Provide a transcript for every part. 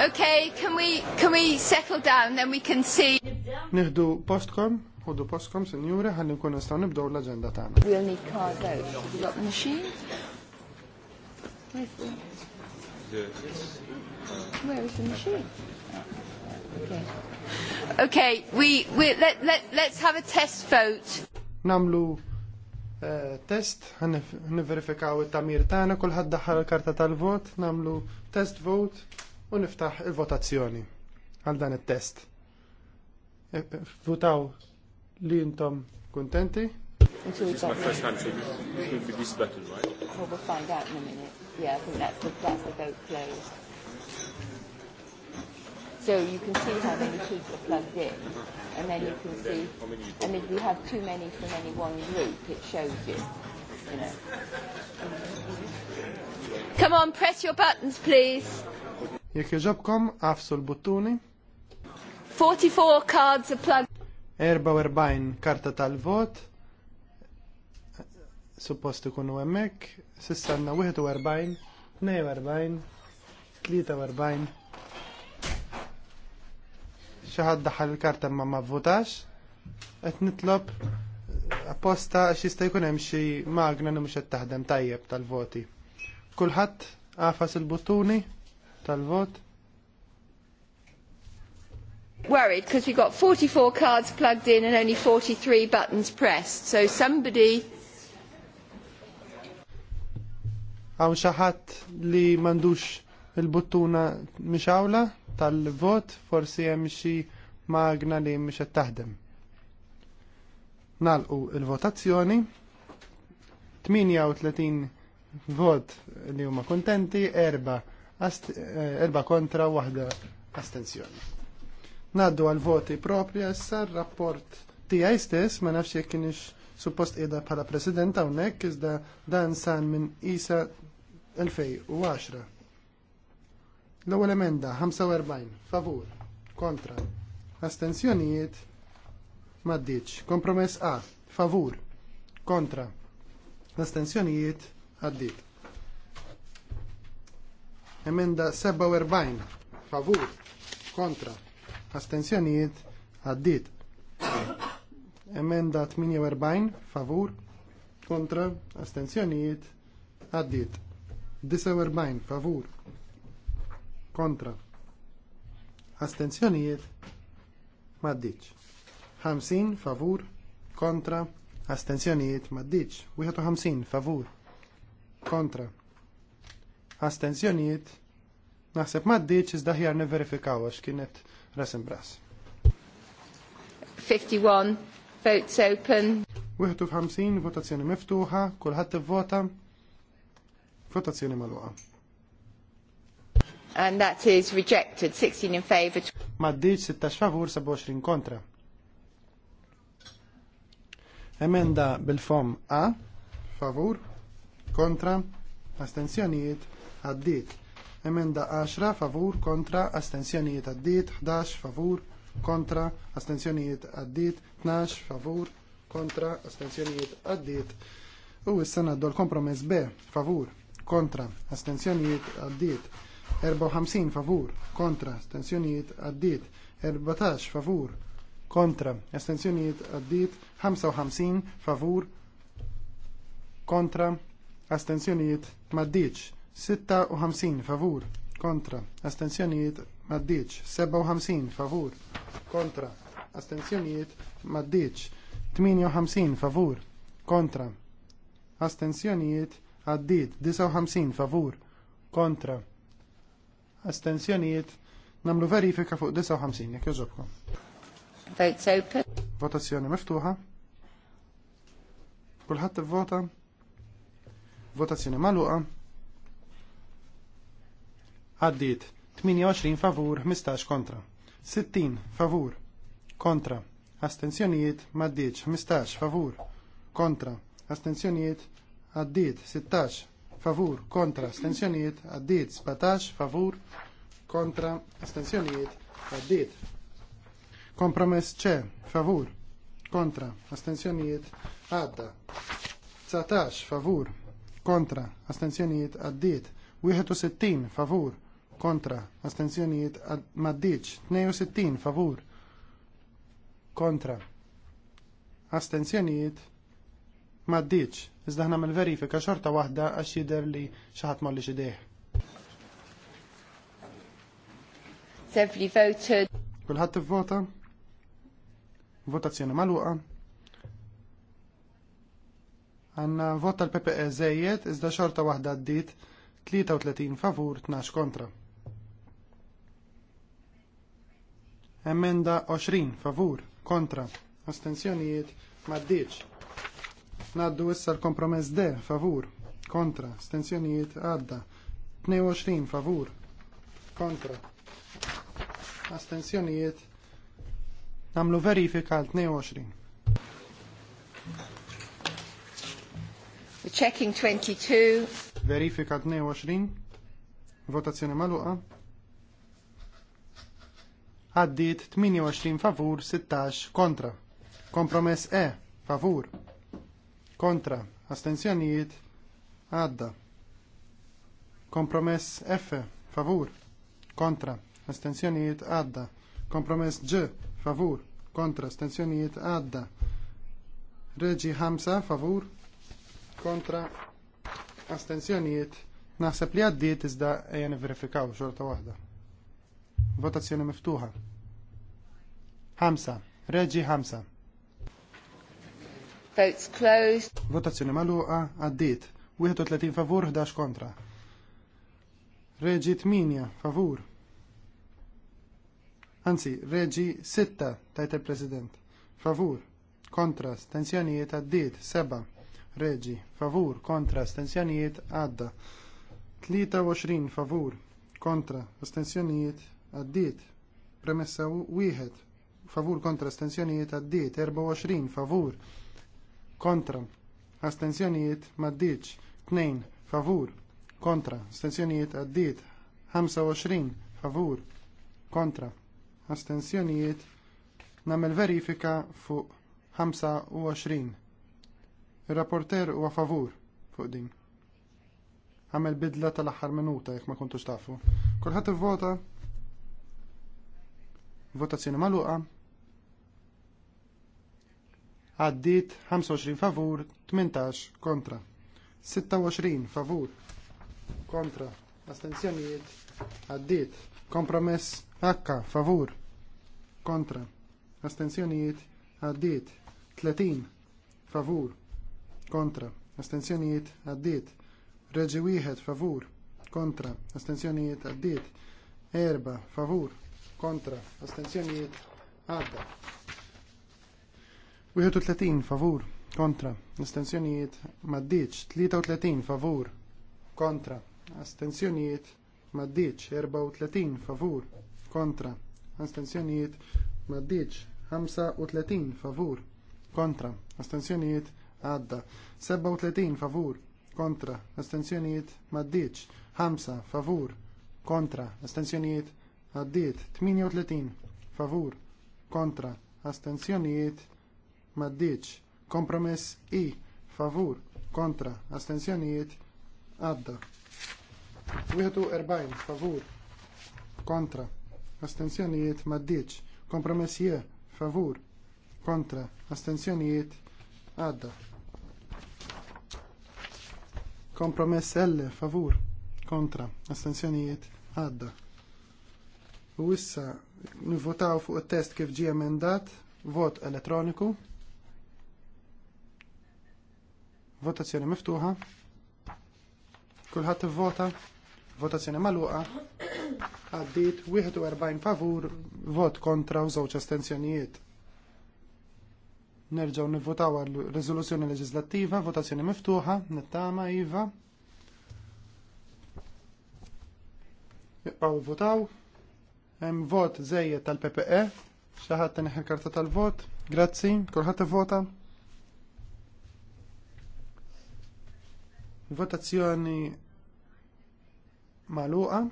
Okay, can we can we settle down then we can see Nihdu postkom Ħoddu postcom senjura, ħalli nkun nistgħu nibdew l-aġenda tagħna. We'll need card votes. Have you got the machine? Where is the machine? Okay. Okay, we, we let, let, let's have a test vote. Namlu Eh, test, għan verifikaw il tamir tagħna kulħadd daħħal karta tal-vot, namlu test vote u niftaħ il-votazzjoni għal dan il test eh, eh, Votaw li intom kuntenti? This is my first time, so it should be this button, right? Well, we'll find out in a minute. Yeah, I think that's the, that's the vote closed. So you can see how many people are plugged in, and then you can see, and if you have too many from any one group, it shows you. you know. Come on, press your buttons, please. Jek joġobkom, għafsu l-buttuni. 44 cards are plugged. 44 karta tal-vot. Suppost ikunu emmek. Sissanna 41, 42, 43, xi ħadd daħal il-karta ma ma vvotax, qed nitlob apposta għax jista' jkun hemm xi magna li mhux qed taħdem tajjeb tal-voti. Kulħadd għafas il-buttuni tal-vot. Worried because we've got 44 cards plugged in and only 43 buttons pressed. So somebody Għaw xaħat li mandux il-buttuna mixawla? tal-vot forsi hemm xi magna li mhix qed taħdem. Nalqu il-votazzjoni 38 vot li huma kontenti, erba, eh, erba kontra, waħda astenzjoni. Naddu għal voti propri issa rapport tiegħi stess ma nafx jekk kienx suppost qiegħda bħala president hawnhekk iżda dan san minn isa 2010. L-ewwel emenda 45 favur kontra astensjonijiet m'għaddiċ. Kompromess A favur kontra astensjonijiet għaddiet. Emenda 47 favur kontra astensjonijiet għaddiet. Emenda 48 favur kontra astensjonijiet għaddiet. 49 favur kontra astenzjonijiet maddiċ 50 favur kontra astenzjonijiet maddiċ 51 favur kontra astenzjonijiet naħseb maddiċ iżda ħjar niverifikaw għax kienet rasim bras 51 votes open 51 votazzjoni miftuħa kulħadd ivvota votazzjoni magħluqa and that is rejected 16 in favor Maddiċ 16 favur 27 kontra Emenda bil-fom A favur kontra astensjonijiet għaddit Emenda 10 favur kontra astensjonijiet għaddit 11 favur kontra astensjonijiet għaddit 12 favur kontra astensjonijiet għaddit u s-sena dol kompromess B favur kontra astensjonijiet għaddit 54 favur kontra astensjonijiet għaddiet 14 favur kontra astensjonijiet għaddiet 55 favur kontra astensjonijiet maddiċ 56 favur kontra astensjonijiet maddiċ 57 favur kontra astensjonijiet maddiċ 58 favur kontra astensjonijiet għaddiet 59 favur kontra astensjonijiet namlu verifika fuq 59 jek jogħġobkom. Votes open. Votazzjoni miftuħa. Kulħadd ivvota. Votazzjoni magħluqa. Għaddit 28 favur, 15 kontra. 60 favur, kontra. Astenzjonijiet maddiċ 15 favur, kontra. Astenzjonijiet għaddiet 16 favur kontra astensjonijiet għaddiet 17 favur kontra astensjonijiet għaddiet. Kompromess ċe favur kontra astensjonijiet għadda. 19 favur kontra astensjonijiet għaddiet. 61 favur kontra astensjonijiet maddiċ. 62 favur kontra astensjonijiet ddiċ, iżda ħna mill-verifika xorta waħda għax jider li xaħat molli xideħ. Sefli voted. Kulħadd ivvota? Votazzjoni magħluqa. Għanna vota l-PPE zejiet, iżda xorta waħda għaddit 33 favur 12 kontra. Emenda 20 favur kontra. Astenzjonijiet maddiċ. Naddu issa l-kompromess D, favur, kontra, stenzjonijiet għadda. 22 favur, kontra. Astenzjonijiet namlu verifika għal 22. checking 22. Verifika 22. Votazzjoni maluqa. Għaddit 28 favur, 16 kontra. Kompromess E, favur, Kontra. Astenzjonijiet. Għadda. Kompromess F. Favur. Kontra. Astenzjonijiet. Għadda. Kompromess G. Favur. Kontra. Astenzjonijiet. Għadda. Reġi 5. Favur. Kontra. Astenzjonijiet. Naħseb li għaddiet iżda ejja verifikaw xorta waħda. Votazzjoni miftuħa. 5. Reġi 5. Votes closed. Votazzjoni maluqa għaddiet. 31 favur, 11 kontra. Reġi 8 favur. Anzi, reġi 6 tajt il-President. Favur. Kontra, stenzjonijiet għaddiet. 7. Reġi. Favur. Kontra, stenzjonijiet għadda. 23 favur. Kontra, astenzjonijiet għaddiet. Premessa 1. Favur kontra astenzjonijiet għaddiet. 24 favur kontra, astensjonijiet maddiċ, 2 favur, kontra, astensjonijiet għaddiet, 25 favur, kontra, astensjonijiet namel verifika fuq 25. Il-rapporter huwa favur fuq din. Għamel bidla tal-aħħar minuta jekk ma kontux tafu. Kulħadd ivvota. Votazzjoni magħluqa għaddit 25 favur, 18 kontra. 26 favur, kontra. Astenzjonijiet għaddit. Kompromess akka, favur, kontra. Astenzjonijiet għaddit. 30 favur, kontra. Astenzjonijiet għaddit. Reġi wieħed favur, kontra. Astenzjonijiet għaddit. Erba favur, kontra. Astenzjonijiet għadda. 31 favur kontra astenzjonijiet maddiċ 33 favur kontra astenzjonijiet maddiċ 34 favur kontra astenzjonijiet maddiċ 35 favur kontra astenzjonijiet għadda 37 favur kontra astenzjonijiet maddiċ 5 favur kontra astenzjonijiet għaddiet 38 favur kontra astenzjonijiet maddiċ. Kompromess I, favur, kontra, astensjonijiet, għadda. 41, favur, kontra, astensjonijiet, maddiċ. Kompromess je. favur, kontra, astensjonijiet, għadda. Kompromess L, favur, kontra, astensjonijiet, għadda. U issa nivvotaw fuq it-test kif ġie emendat, vot elettroniku. Votazzjoni miftuħa. Kulħadd ivvota. Votazzjoni magħluqa. Għaddiet 41 favur, vot kontra u żewġ astenzjonijiet. Nerġgħu nivvotaw għal riżoluzzjoni leġislattiva, votazzjoni miftuħa, nittama iva. Jibqgħu votaw. Hemm vot żejjed tal-PPE. Xi ħadd tal-vot. Grazzi, kulħadd ivvota. Votazzjoni maluqa,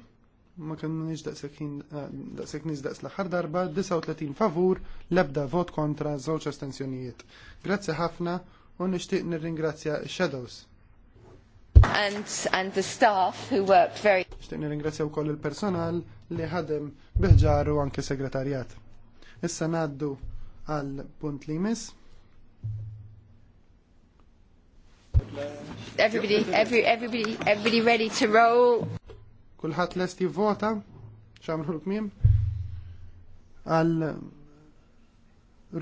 ma kienx daqshekk eh, nies daqs l-aħħar darba, 39 favur, l-ebda vot kontra żewġ astensjonijiet. Grazzi ħafna u nixtieq nirringrazzja x-Shadows. And, and the staff who worked very Nixtieq nirringrazzja wkoll il-personal li ħadem biħġaru anke segretarjat. Issa ngħaddu għal punt li jmiss. Everybody, every, everybody, everybody ready to roll. Kulħat lest jivvota, xamru l-kmim, għal um,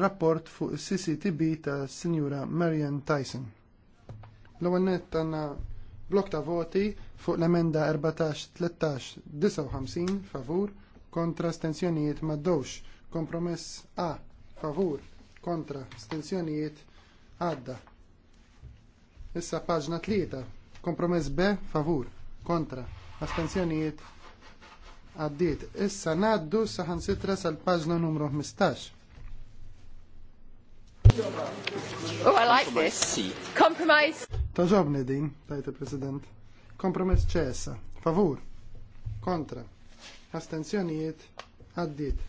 rapport fuq CCTB ta' Sinjura Marian Tyson. L-ewwel nett blok ta' voti fuq l-emenda 14-13-59 favur kontra stenzjonijiet maddowx. Kompromess A favur kontra stenzjonijiet għadda. Issa paġna tlieta. Kompromess B favur. Kontra. Astenzjonijiet għaddiet. Issa naddu sitra sal-paġna numru 15. Oh, I like this. Compromise. Taġobni din, tajta President. Kompromess ċessa. Favur. Kontra. Astenzjonijiet għaddiet.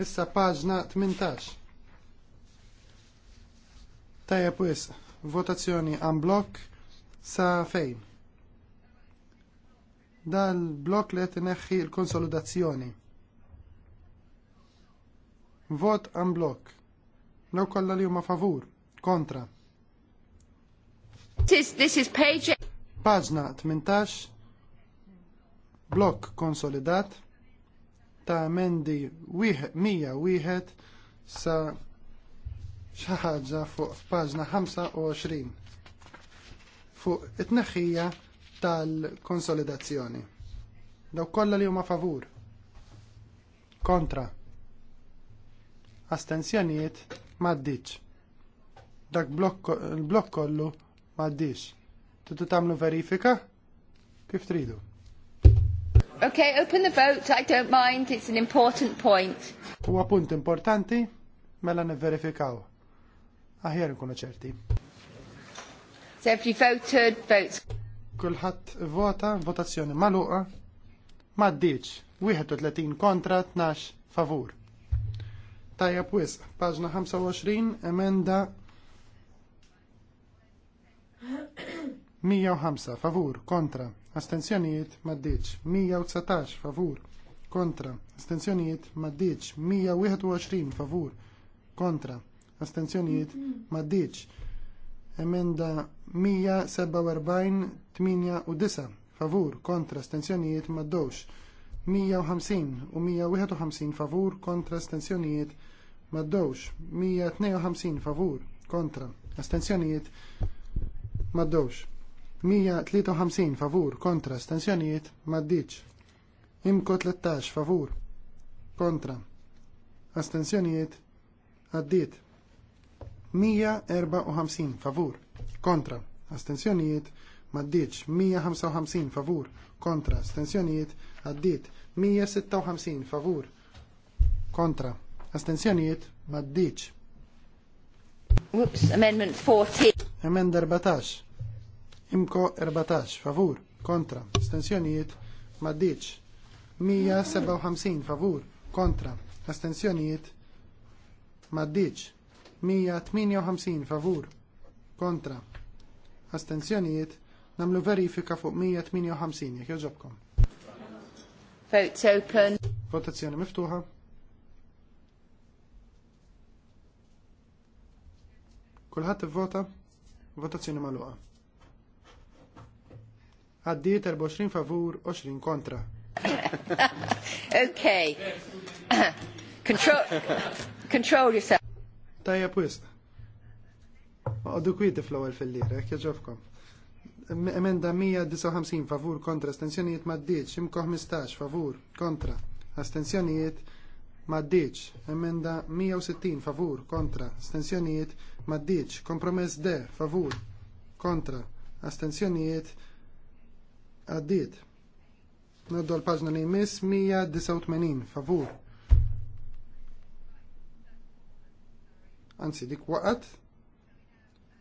Issa paġna 18. Tajja pwisa votazzjoni għan blok sa fejn. Dan blok li tineħħi l-konsolidazzjoni. Vot għan blok. Law kolla li huma favur, kontra. This, this is page... Paġna 18, blok konsolidat ta' mendi 101 sa' xaħġa fuq f'paġna 25 fuq it-tneħħija tal-konsolidazzjoni. Daw kollha li huma favur. Kontra. Astenzjonijiet m'għaddiċ. Dak il-blokk kollu m'għaddix. Titu tagħmlu verifika? Kif tridu? Okay, open the vote, I don't mind, it's an important point. Huwa punt importanti, mela nivverifikaw aħjar nkunu ċerti. Every voted Kulħadd vota, votazzjoni maluqa, d-dieċ, 31 kontra, 12 favur. Tajja pwis, paġna 25, emenda 105 favur kontra astenzjonijiet d-dieċ, 119 favur kontra astenzjonijiet d-dieċ, 121 favur kontra astenzjonijiet ma maddiċ. Emenda 147, 8 u 9 favur kontra astenzjonijiet ma maddowx. 150 u 151 favur kontra astenzjonijiet ma maddowx. 152 favur kontra astenzjonijiet ma maddowx. 153 favur kontra astenzjonijiet ma maddiċ. Imko 13 favur kontra astenzjonijiet għaddiet. 154 favur kontra astensjonijiet maddiċ 155 favur kontra astensjonijiet għaddiet 156 favur kontra astensjonijiet maddiċ Whoops, Amendment 14. Emend 14. Imko 14 favur kontra astensjonijiet maddiċ 157 favur kontra astensjonijiet maddiċ 158 favur kontra astenzjonijiet namlu verifika fuq 158 jek joġobkom. Votes open. Votazzjoni miftuħa. Kulħadd ivvota? Votazzjoni magħluqa. Għaddiet 24 favur, 20 kontra. okay. control, control yourself. Tajja pwist. Għoddu kwiti fl ewel fil-lira, kieġofkom. Emenda 159 favur kontra astensjonijiet maddiċ, imkoħ 15 favur kontra astensjonijiet maddiċ. Emenda 160 favur kontra astensjonijiet maddiċ. Kompromess D favur kontra astensjonijiet għaddiet. Noddu l-paġna li jmiss 189 favur anzi dik waqat,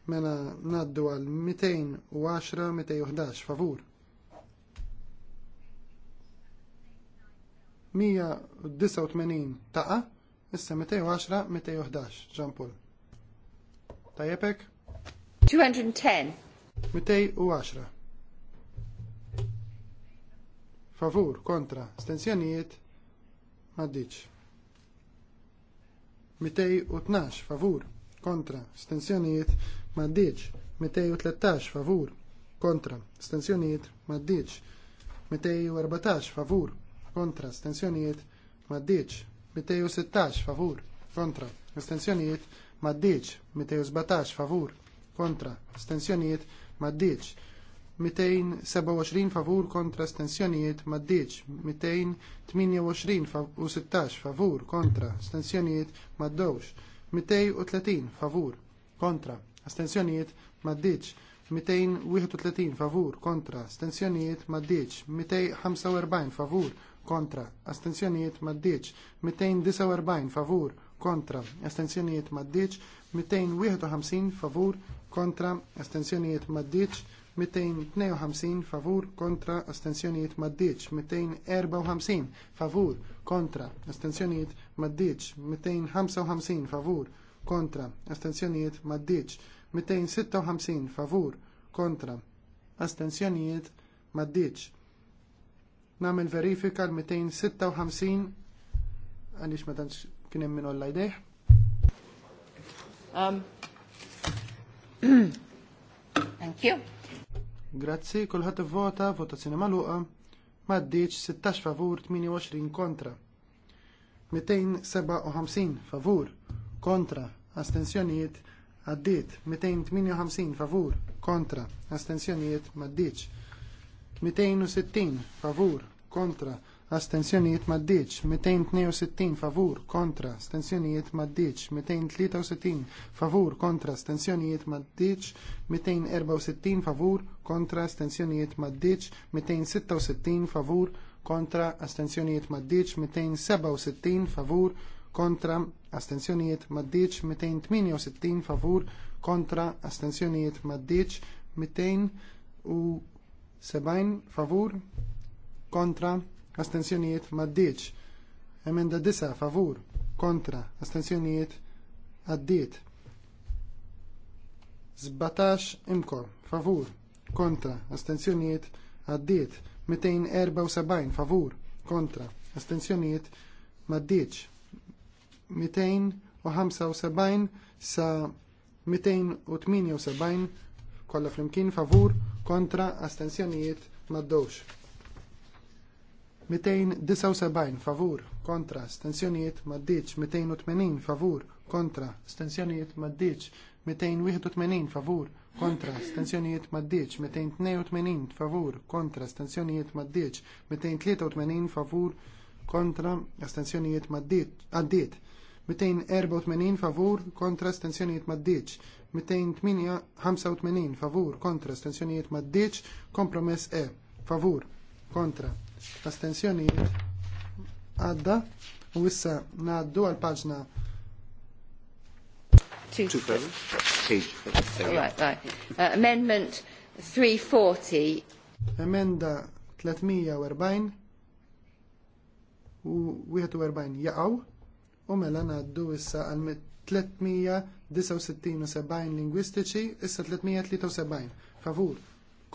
mela naddu għal 210-211 favur. 189 taqa, issa 210-211 ġampol. Tajepek? 210. 210. Favur, kontra, stenzjonijiet, maddiċ. 212 favur kontra stenzjonijiet maddiċ 213 favur kontra stenzjonijiet maddiċ 214 favur kontra stenzjonijiet maddiċ 216 favur kontra stenzjonijiet maddiċ 217 favur kontra stenzjonijiet maddiċ 227 favur kontra stensjonijiet maddiċ, 228 u 16 favur kontra stensjonijiet maddowx, 230 favur kontra astensjonijiet maddiċ, 231 favur kontra astensjonijiet maddiċ, 245 favur kontra astensjonijiet maddiċ, 249 favur kontra, astenzjonijiet maddiċ, 251 favur kontra, astenzjonijiet maddiċ, 252 favur kontra astensjonijiet maddiċ, 254 favur kontra astensjonijiet maddiċ, 255 favur kontra astensjonijiet maddiċ, 256 favur kontra astensjonijiet maddiċ. Namel verifika l-256 għalix ma tanċ kien hemm minn olla jdejh. Um. Thank you. Grazzi, kulħadd ivvota, votazzjoni magħluqa. Maddiċ 16 favur, 28 kontra. 257 favur, kontra, astensjonijiet, għaddiet. 258 favur, kontra, astensjonijiet, maddiċ. 260 favur, kontra, astensjonijiet maddiċ, 262 favur kontra, astensjonijiet maddiċ, 263 favur kontra, astensjonijiet maddiċ, 264 favur kontra, astensjonijiet maddiċ, 266 favur kontra, astensjonijiet maddiċ, 267 favur kontra, astensjonijiet maddiċ, 268 favur kontra, astensjonijiet maddiċ, 270 favur kontra, Astenzjonijiet maddiċ. Emenda disa favur kontra astensjonijiet għaddiet. 17 imko favur kontra astensjonijiet għaddiet. 274 favur kontra astensjonijiet maddiċ. 275 sa 278 kollha flimkien favur kontra astenzjonijiet maddowx. 279 favur kontra stenzjoniet maddiċ 280 favur kontra stenzjoniet maddiċ 281 favur kontra stenzjoniet maddiċ 282 favur kontra stenzjoniet maddiċ 283 favur kontra stenzjoniet maddiċ għaddiet 284 favur kontra stenzjoniet maddiċ 285 favur kontra stenzjoniet maddiċ kompromess E favur kontra astensjonijiet għadda u issa ngħaddu għal paġna uh, Amendment 340 Emenda 340 u 41 jaqaw u mela ngħaddu issa għal 369 lingwistiċi issa 373 favur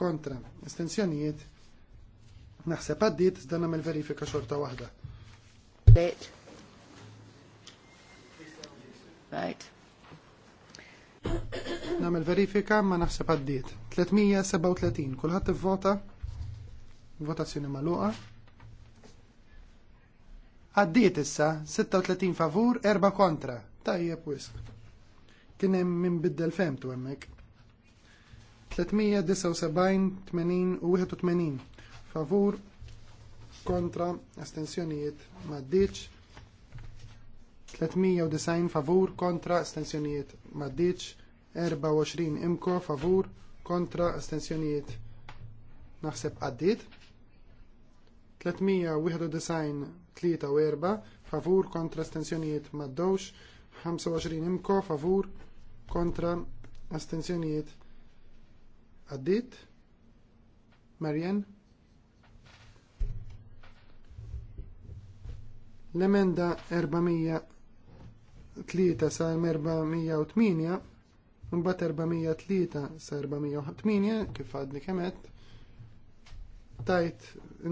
kontra estensjonijiet Naħseb għaddit dan nagħmel verifika xorta waħda. Late. Right. Namel verifika ma naħseb għaddiet. 337, kulħadd ivvota. Votazzjoni magħluqa. Għaddit issa 36 favur, 4 kontra. Tajjeb wisq. Kien hemm min biddel femtu hemmhekk. 379, 80 u 81 favur kontra astensjonijiet maddiċ 390 favur kontra astensjonijiet maddiċ 24 imko favur kontra astensjonijiet naħseb għaddit 391 3 u 4 favur kontra astensjonijiet maddowx 25 imko favur kontra astensjonijiet għaddit Marjen L-emenda 403 sa 408 bat 403 sa 408 kif għadni kemet tajt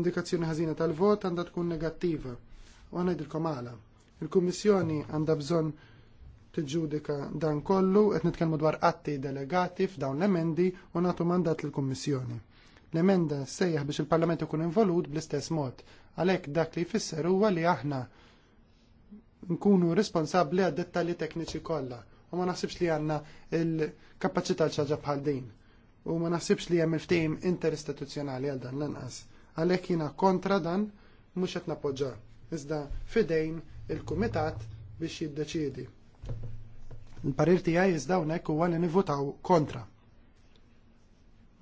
indikazzjoni ħażina tal-vot għandha tkun negattiva. U ngħidilkom għala. Il-Kummissjoni għandha bżonn tiġġudika dan kollu qed nitkellmu dwar atti delegati f'dawn l-emendi u nagħtu mandat lill-Kummissjoni. L-emenda sejjaħ biex il-Parlament ikun involut bl-istess mod. Għalhekk dak li jfisser huwa li aħna nkunu responsabbli għad dettalji tekniċi kollha u ma naħsibx li għandna l-kapaċità ċaġa bħal din u ma naħsibx li hemm il-ftehim interistituzzjonali għal dan lanqas. Għalhekk jiena kontra dan mhux qed napoġġa. Iżda fidejn il-kumitat biex jiddeċiedi. Il-parir tiegħi iżda hawnhekk huwa li nivvutaw kontra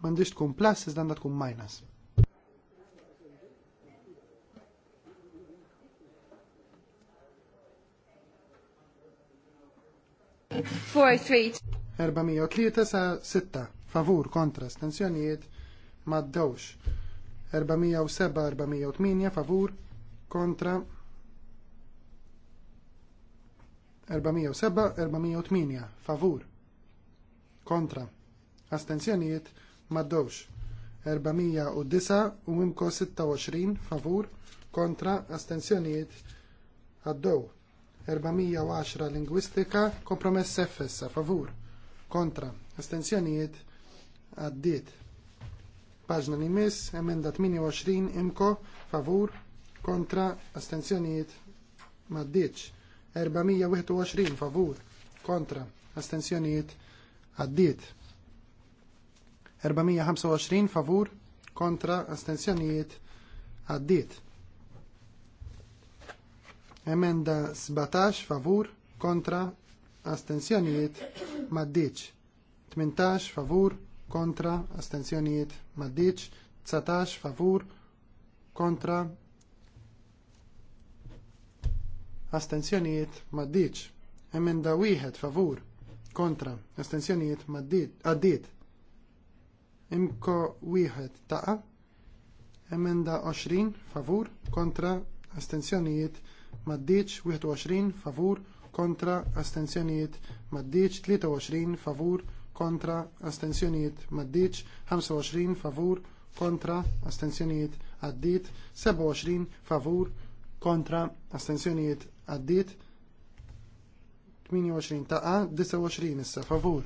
m'għandix tkun plus iżda għandha tkun minus. Four, three. 403 sa Favur, kontra, stenzjonijiet, maddawx. 407-408 favur, kontra. 407-408 favur, kontra. Astenzjonijiet, maddowx. 409 u imko 26 favur kontra astensjonijiet għaddew. 410 lingwistika kompromess effessa favur kontra astensjonijiet għaddiet. Paġna li miss, emenda 28 imko favur kontra astensjonijiet maddiċ. 421 favur kontra astensjonijiet għaddiet. 425 favur kontra astensjonijiet għaddiet. Emenda 17 favur kontra astensjonijiet maddiċ. 18 favur kontra astensjonijiet maddiċ. 19 favur kontra astensjonijiet maddiċ. Emenda wieħed favur kontra astensjonijiet maddiċ. Imko wieħed taqa. Emenda 20 favur kontra astenzjonijiet maddiċ 21 favur kontra astenzjonijiet maddiċ 23 favur kontra astenzjonijiet maddiċ 25 favur kontra astenzjonijiet għaddit 27 favur kontra astenzjonijiet għaddit 28 taqa 29 issa favur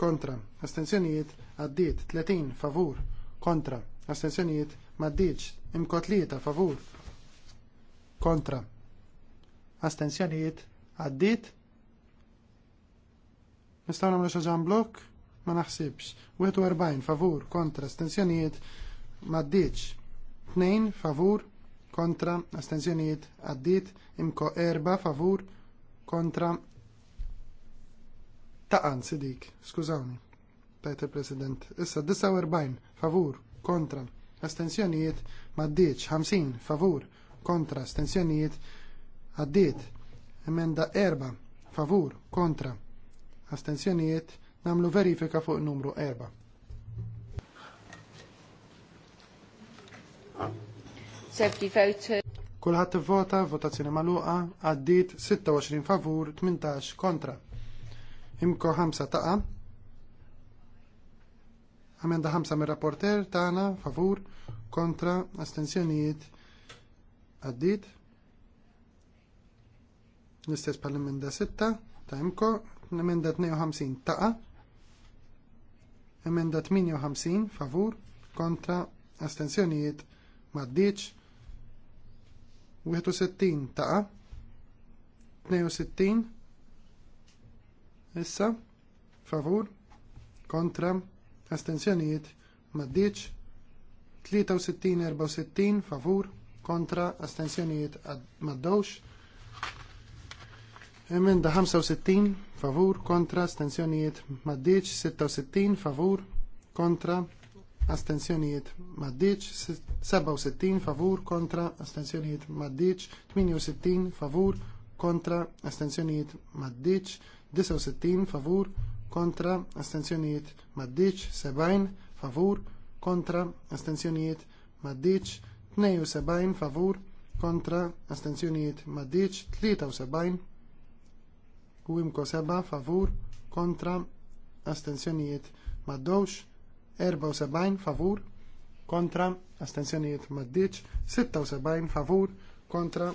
kontra, astensjonijiet għaddiet 30 favur, kontra, astensjonijiet maddiċ, imkotlieta favur, kontra, astensjonijiet għaddiet. Nistaw namlu xaġan blok? Ma naħsibx. 41 favur, kontra, astensjonijiet maddiċ, 2 favur, kontra, astensjonijiet għaddiet, imko 4 favur, kontra, Ta' anzi dik, skużawni. Tajt il-President. Issa 49 favur kontra astensjonijiet maddiċ 50 favur kontra astensjonijiet għaddiet emenda 4 favur kontra astensjonijiet namlu verifika fuq numru 4. Safety vote. Uh, Kulħadd ivvota votazzjoni magħluqa għaddit, 26 favur 18 kontra. Imko ħamsa taqa. Amenda ħamsa mir rapporter tagħna favur kontra astensjonijiet għaddit. Nistess pal-emenda 6 ta' imko l-emenda 52 taqa. Emenda 58 favur kontra astensjonijiet maddiċ. 61 taqa. 62 Issa, favur, kontra, astenzjonijiet, maddiċ, 63-64, favur, kontra, astenzjonijiet, maddawx, emenda 65, favur, kontra, astenzjonijiet, maddiċ, 66, favur, kontra, astenzjonijiet maddiċ, 67 favur kontra astenzjonijiet maddiċ, 68 favur kontra astenzjonijiet maddiċ, 69 favur kontra astenzjonijiet maddiċ 70 favur kontra astenzjonijiet maddiċ 72 favur kontra astenzjonijiet maddiċ 73 u imko 7 favur kontra astenzjonijiet maddoċ, 74 favur kontra astenzjonijiet maddiċ 76 favur kontra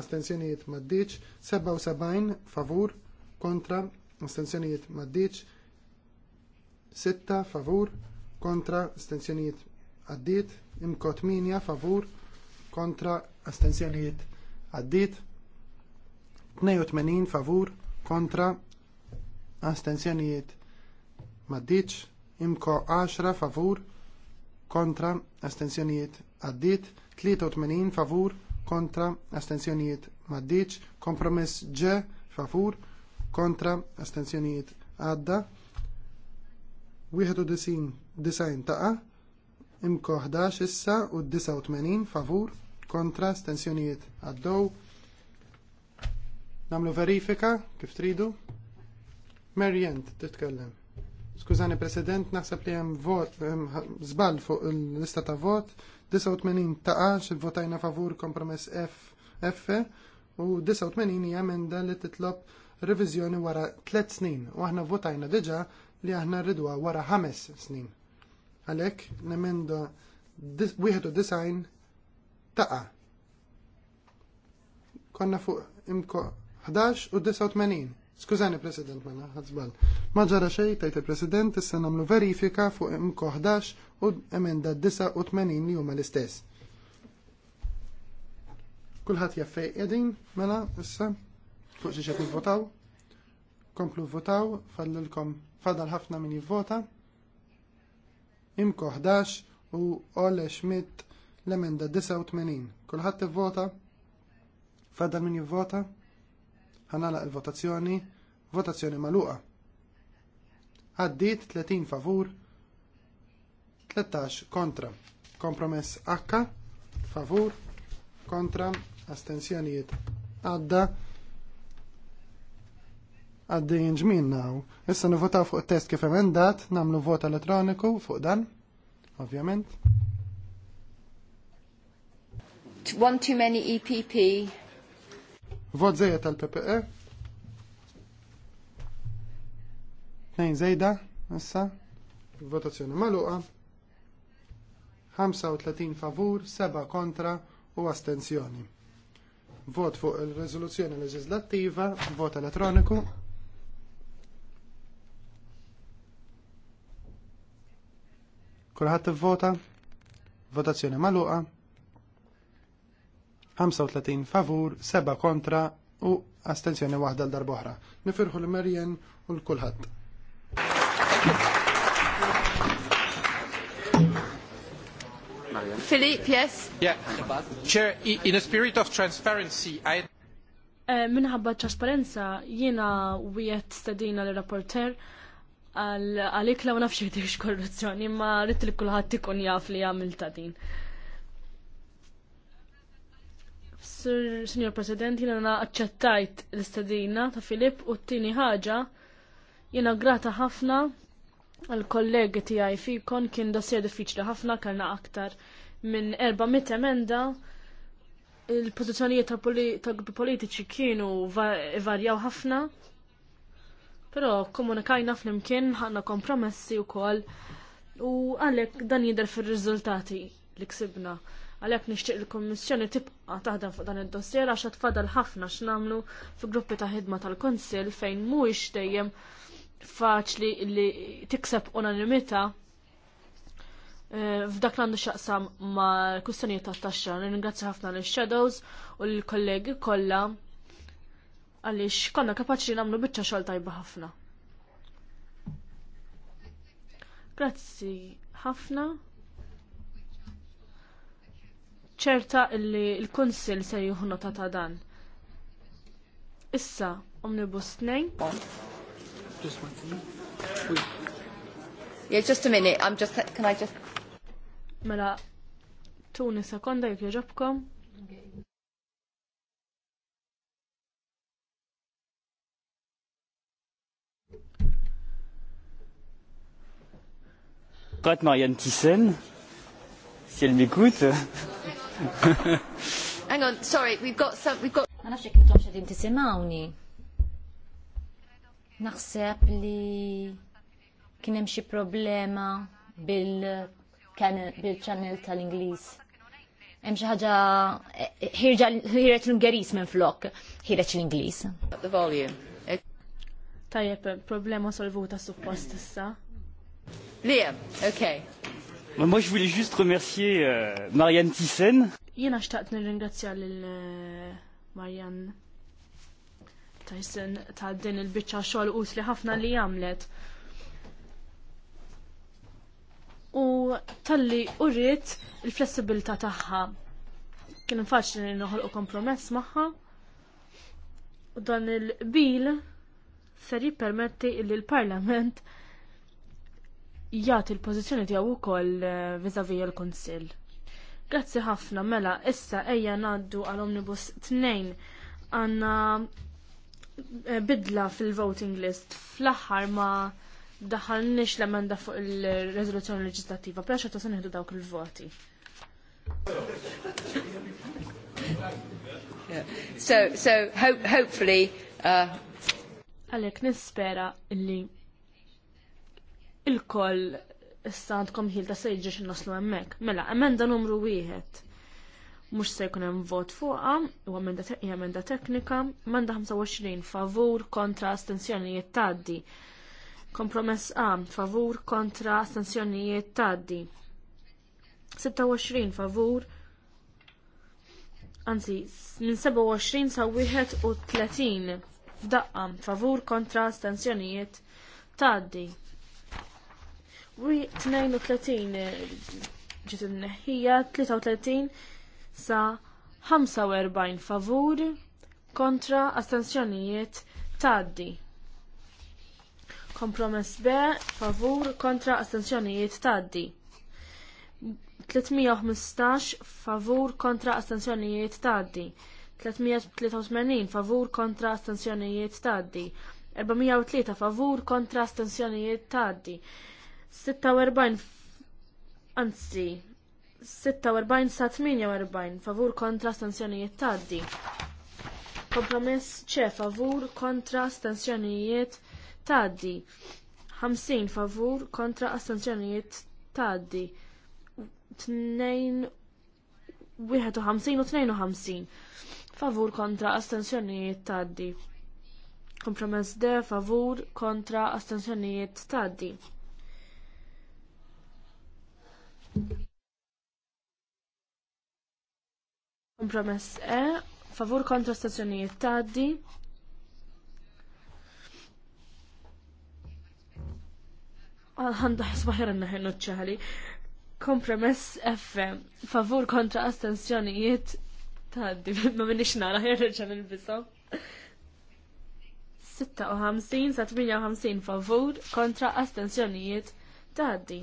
astenzjonijiet maddiċ 77 favur kontra, astenzjonijiet ma ddiċ, sitta favur, kontra, astenzjonijiet għaddit, imkot minja favur, kontra, astenzjonijiet għaddit, 82 favur, kontra, astenzjonijiet ma ddiċ, imko 10 favur, kontra, astenzjonijiet għaddit, 83 favur, kontra, astenzjonijiet ma ddiċ, kompromess ġe favur, kontra, astenzjonijiet għadda, 91 taqa, imko 11 issa u 89 favur, kontra, astenzjonijiet għaddow. Namlu verifika, kif tridu. Merjent, titkellem. Skużani, President, naħseb li hemm vot, zbal fuq il-lista ta' vot, 89 taqa xil-votajna favur kompromess F, F, u 89 hija emenda li titlob reviżjoni wara tliet snin u aħna votajna diġà li aħna rridwa wara ħames snin. Għalhekk nemendo emenda wieħed u design taqa. Konna fuq imko 11 u 89. Skużani, President, ma ħazbal. Ma ġara xej, tajt il-President, issa namlu verifika fuq imko 11 u emenda 89 li huma l-istess. Kulħadd jaffej qegħdin, mela, issa fuq xi qed votaw. Komplu votaw, fallilkom fadal ħafna min jivvota. Imko 11 u Ole Schmidt l-emenda 89. Kulħadd ivvota. Fadal min jivvota. Ħanala il-votazzjoni. Votazzjoni magħluqa. Għaddiet 30 favur, 13 kontra. Kompromess H favur kontra astensjonijiet għadda għaddejn ġmin naw. Issa nivotaw fuq test kif emendat, namlu vot elettroniku fuq dan, ovvjament. One too many EPP. Vot zejja tal-PPE. Tnejn zejda, issa. Votazzjoni maluqa. 35 favur, 7 kontra u astenzjoni. Vot fuq il-rezoluzzjoni leġislattiva, vot elettroniku. Kulħadd ivvota. Votazzjoni magħluqa. 35 favur, 7 kontra u astenzjoni waħda l-darboħra. Nifirħu l-Marjen u l-kulħadd. Philippe, yes. Yeah. Chair, in a spirit of transparency, I... Eh, minħabba trasparenza, jiena wieħed stedina l-rapporter għalik law nafx jgħidix korruzzjoni, ma rrit li kullħat ikun jaf li għamil ta' din. Signor President, jina aċċettajt l-istadina ta' Filip u t-tini ħaġa jina grata ħafna għal-kollegi tijaj fikon kien dossier diffiċli ħafna kellna aktar minn 400 emenda il-pozizjonijiet ta' gruppi politiċi kienu varjaw ħafna Però komunikajna flimkien ħanna kompromessi wkoll u għalhekk dan jidher fir-riżultati li ksibna. Għalhekk nixtieq il-Kummissjoni tibqa' taħdem fuq dan id-dossier għax tfadal ħafna x'namlu fi gruppi ta' ħidma tal-Kunsill fejn mhuwiex dejjem faċli li tikseb unanimità eh, f'dak l-għandu xaqsam ma' kustanijiet tat taxxa. Ringrazzja ħafna l shadows u l-kollegi kollha għaliex konna kapaċi nagħmlu biċċa xogħol tajba ħafna. Grazzi ħafna. ċerta li l konsil se jieħu nota ta' dan. Issa, omnibus 2. Yeah, just a minute, I'm just, can I just... Mela, tuni sekonda jek jġobkom. Quand Marianne Thyssen, si elle m'écoute. Hang on, sorry, we've got some, we've got. Ma nafx jekk intom xedin mauni. Naxsep li kien hemm problema bil-channel bil tal inglis Hemm xi ħaġa ħiret l-Ungeriż minn flok, ħireġ l-Ingliż. The volume. Tajjeb, problema solvuta suppost issa. Liam, Ma Moi, je voulais juste remercier euh, Marianne Thyssen. Jena xtaqt nirringrazzja lil eh, Marianne Tyson ta' din il-biċċa xogħol li ħafna li għamlet. U tal-li urrit il-flessibilità tagħha. Kien faċli li noħolqu kompromess magħha. U dan il-bil seri permetti li l-Parlament jagħti il pożizzjoni tiegħu wkoll eh, viżavi l-Kunsill. Grazzi ħafna, mela, issa ejja ngħaddu għal Omnibus 2 għandna eh, bidla fil-voting list fl-aħħar ma daħalniex l-emenda fuq il-rezoluzzjoni leġislattiva, bla xorta se nieħdu dawk il-voti. So, so hopefully. Uh, Għalek nispera li il-koll issa għandkom ħil ta' sejġi xin naslu emmek. Mela, emenda numru wieħed. Mux se jkun hemm vot fuqha u hija emenda teknika, emenda 25 favur kontra astensjonijiet tgħaddi. Kompromess A, favur kontra astensjonijiet tgħaddi. 26 favur Anzi, minn 27 sa 31 f'daqqa favur kontra astensjonijiet tgħaddi. 32 eh, ġiet inneħħija 33 sa 45 favur kontra astensjonijiet tgħaddi. Kompromess B favur kontra astensjonijiet tgħaddi. 315 favur kontra astensjonijiet tgħaddi. 383 favur kontra astensjonijiet tgħaddi. 403 favur kontra astensjonijiet tgħaddi. 46 anzi 46 sa 48 favur kontra stensjonijiet taddi. Kompromess ċe favur kontra stensjonijiet taddi. 50 favur kontra astensjonijiet taddi. 2 51 u 52 favur kontra astensjonijiet taddi. Kompromess de favur kontra astensjonijiet taddi. Kompromess E, favur kontra stazzjonijiet taddi. Għandu ħisbaħir n-naħin uċċali. Kompromess F, favur kontra astensjonijiet taddi. Ma minix nara, jirreġan il-bisom. 56 sa 58 favur kontra astensjonijiet taddi.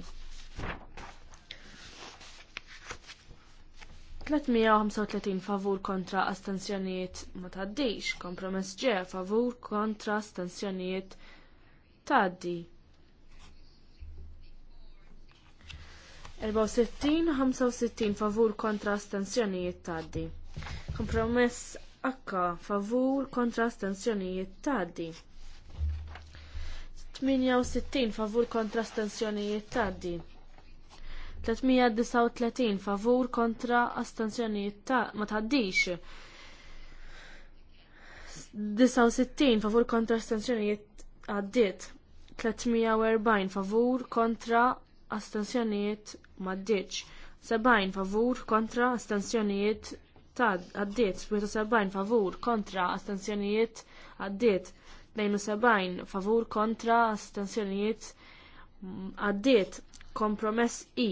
335 favur kontra astensjonijiet ma taddix, kompromess ġe favur kontra astensjonijiet taddi. 64-65 favur kontra astensjonijiet taddi. Kompromess H favur kontra astensjonijiet taddi. 68 favur kontra astensjonijiet taddi. 339 favur kontra astensjonijiet ta' ma tgħaddix. 69 favur kontra astensjonijiet għaddiet. 340 favur kontra astensjonijiet ma ddiċ. 70 favur kontra astensjonijiet ta' għaddiet. 70 favur kontra astensjonijiet għaddiet. 72 favur kontra astensjonijiet għaddiet. Kompromess I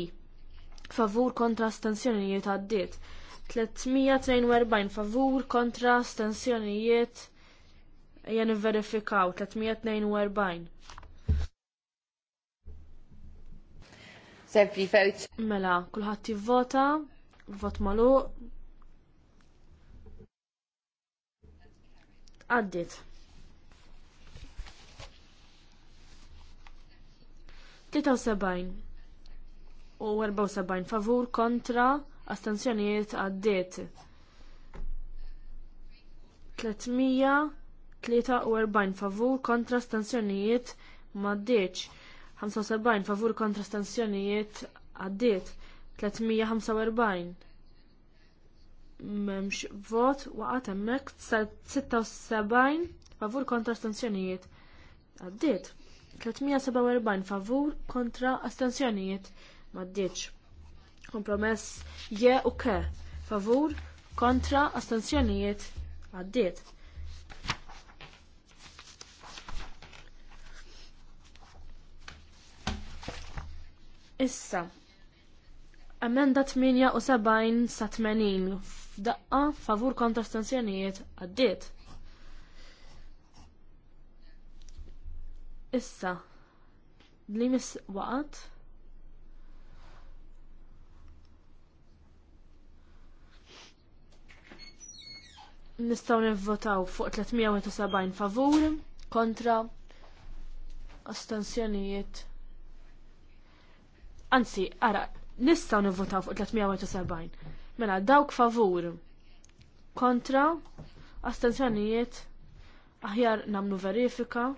favur kontra stensjonijiet għaddiet. 342 favur kontra stensjonijiet jen verifikaw 342. Sempli fejt. Mela, kullħat jivvota, vot malu. Għaddit. Tita sebajn u 74 favur kontra astensjonijiet għaddiet. 343 favur kontra astenzjonijiet maddiċ. 75 favur kontra astenzjonijiet għaddiet. 345 memx vot waqat hemmhekk 76 favur kontra astenzjonijiet għaddiet. 347 favur kontra astensjonijiet maddiċ. Kompromess je u ke. Favur kontra astensjonijiet għaddiet. Issa, emenda 78 sa 80 f'daqqa favur kontra astensjonijiet għaddiet. Issa, Limis waqat? Nistgħu nivvotaw fuq 370 favur, kontra, astensjonijiet. Anzi, ara, nistgħu nivvotaw fuq 370. Mela, dawk favur, kontra, astensjonijiet, aħjar namlu verifika.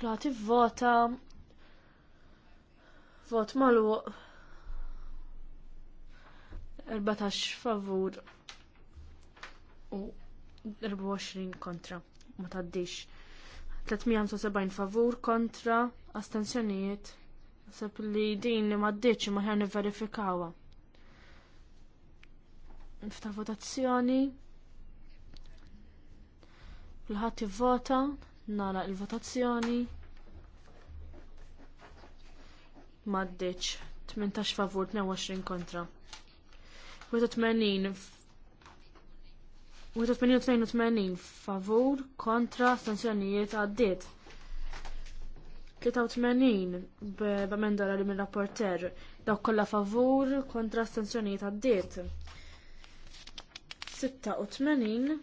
Klati vvota Vot malu 14 favur u 24 kontra. Ma taddix. 375 favur kontra astensjonijiet. Sab li din li ma ddiċ ma ħan verifikawa. Nifta votazzjoni. l Kulħadd ivvota, nara il-votazzjoni maddiċ 18 favur 22 kontra. 81 82 favur kontra sanzjonijiet għaddiet. 83 b'amenda li minn rapporter dawk kollha favur kontra sanzjonijiet għaddiet. 86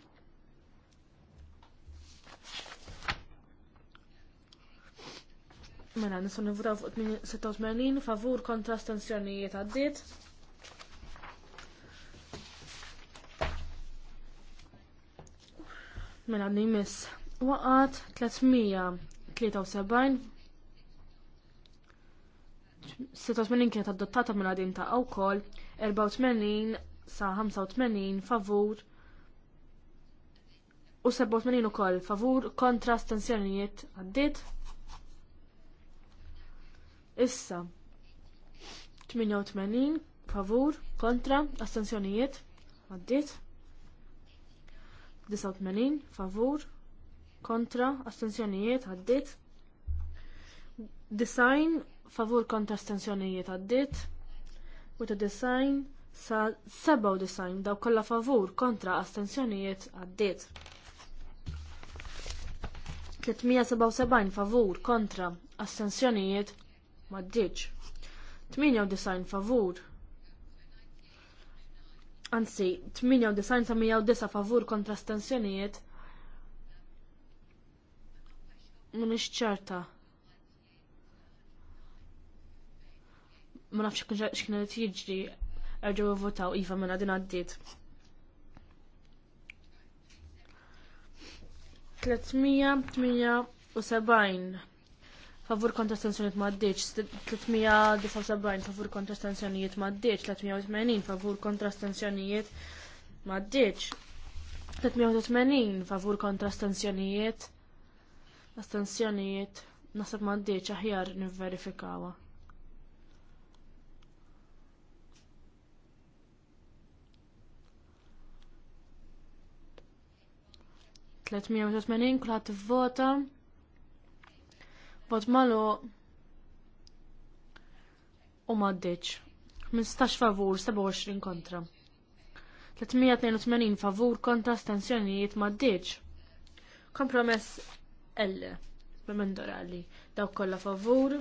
Mela, nisun nivutaw fuq 86 favur kontra stensjonijiet għaddit. Mela, nimis waqat 373 86 kienet adottata mela din ta' wkoll 84 sa 85 favur u 87 ukoll favur kontra stensjonijiet għaddit. Issa, 88, favur, kontra, astensjonijiet, għaddit. 89, favur, kontra, astensjonijiet, għaddit. Design, favur, kontra, astensjonijiet, għaddit. U ta' design, sa' design, daw kolla favur, kontra, astensjonijiet, għaddit. 377 favur kontra astensjonijiet maddiċ. 98 favur. Anzi, 98 sa 109 favur kontra stensjonijiet. Mhux ċerta. Ma nafx x'kien qed jiġri erġgħu votaw iva minn mela, din għaddiet. 378 favur kontra astensjonijiet maddiċ, 379 favur kontra astensjonijiet maddiċ, 380 e favur kontra astensjonijiet maddiċ, 380 e favur kontra astensjonijiet, astensjonijiet nasab maddiċ aħjar nivverifikawa. Tlet e kulħadd ivvota. Vot malu u maddiċ. 15 favur, 27 kontra. 382 favur kontra stensjonijiet maddiċ. Kompromess L. Bemendorali. Daw kolla favur,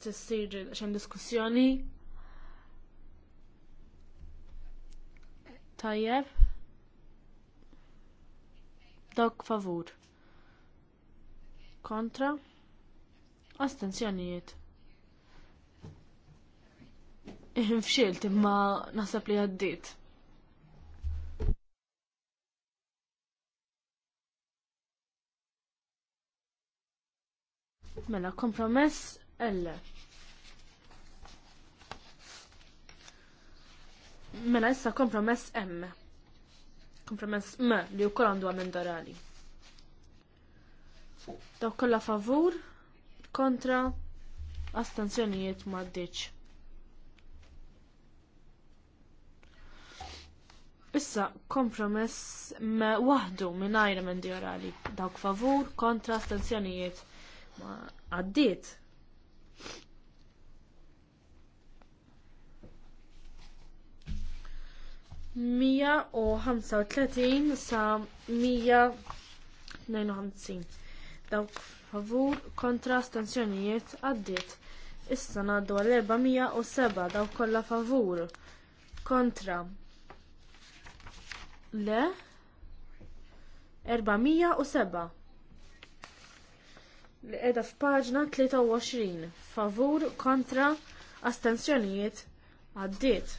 t-sir xem diskussjoni. Tajjeb. Dok favur. Kontra. Astenzjonijiet. Fxilt imma naħseb li għaddiet. Mela, kompromess Ella. Mela issa kompromess M. Kompromess M li wkoll għandu emenda orali. Daw kollha favur, kontra, astanzjonijiet maddiċ. Issa kompromess me wahdu minn ajra mendi orali. Dawk favur kontra astenzjonijiet. Ma għaddiet. 135 sa 152. Dawk favur kontra astensjonijiet għaddiet. Issa ngħaddu għal 407 dawk kollha favur kontra le 407 li qiegħda f'paġna 23 favur kontra astensjonijiet għaddiet.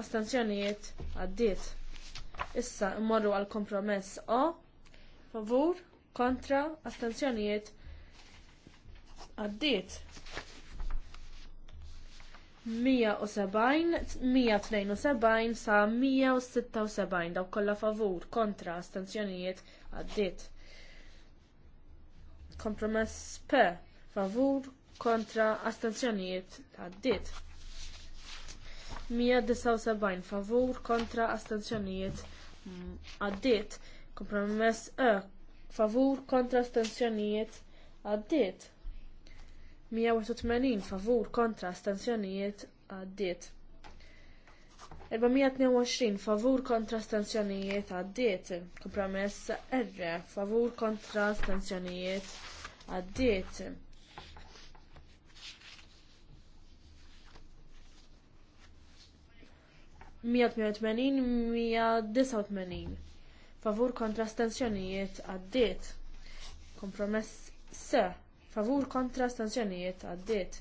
astenzjonijiet għaddiet. Issa mmorru għal kompromess O, favur, kontra, astanzjonijiet għaddiet. 172 sa 176 daw kollha favur, kontra, astenzjonijiet għaddiet. Kompromess P, favur, kontra, astenzjonijiet għaddiet. 179 favur kontra astenzjonijiet mm, għaddiet. Kompromess E favur kontra astenzjonijiet għaddiet. 180 favur kontra astenzjonijiet għaddiet. 422 favur kontra stanzjonijiet għaddiet, kompromess R favur kontra stanzjonijiet għaddiet. 188-189 favur kontra stanzjonijiet għaddiet kompromess se favur kontra stanzjonijiet għaddiet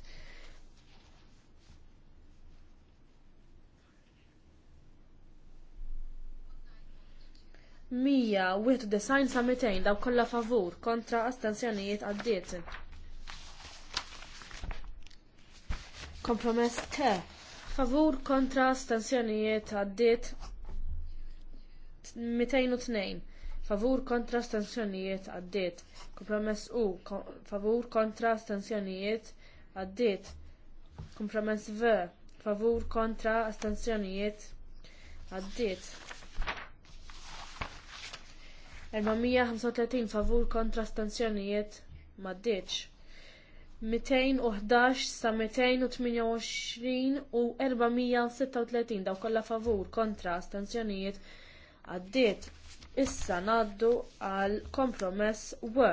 Mija, wieħed design sa' 200 daw kollha favur kontra astensjonijiet għaddiet. Kompromess te favur kontra stanzjonijiet għaddiet 202 favur kontra stanzjonijiet għaddiet kompromess u favur kontra stanzjonijiet għaddiet kompromess v favur kontra stanzjonijiet għaddiet 435 favur kontra stanzjonijiet maddiċ 211 sa 228 u 436 daw kollha favur kontra astenzjonijiet għaddiet. Issa ngħaddu għal kompromess W.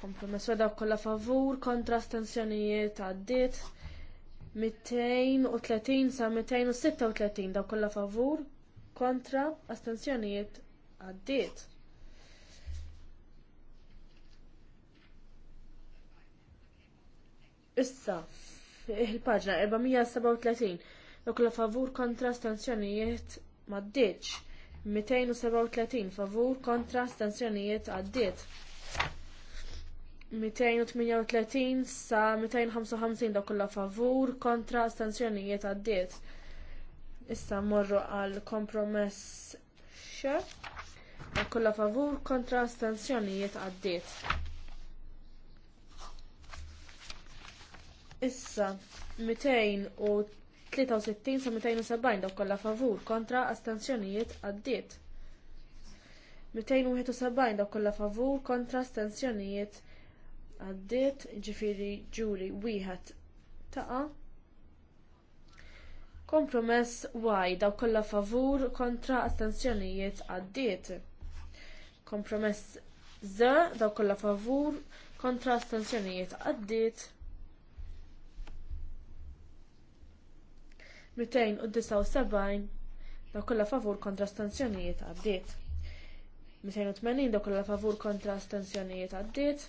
Kompromess W daw kollha favur kontra astenzjonijiet għaddiet. 230 sa 236 daw kollha favur kontra astenzjonijiet għaddiet. Issa, il-paġna 437, dok la favur kontra stanzjonijiet maddiċ. 237 favur kontra stanzjonijiet għaddiet. 238 sa 255 dawk kollha favur kontra stanzjonijiet għaddiet. Issa mmorru għal kompromess xe. Dawk kollha favur kontra stanzjonijiet għaddiet. Issa 263 sa 270 dawk kollha favur kontra astensjonijiet għaddiet. 271 dawk kollha favur kontra astensjonijiet għaddiet ġifiri ġuri wieħed taqa' kompromess waj daw kollha favur kontra astensjonijiet għaddiet. Kompromess z daw kollha favur kontra astensjonijiet għaddiet. 279 daw kollha favur kontra stanzjonijiet għaddiet. 280 daw kollha favur kontra stanzjonijiet għaddiet.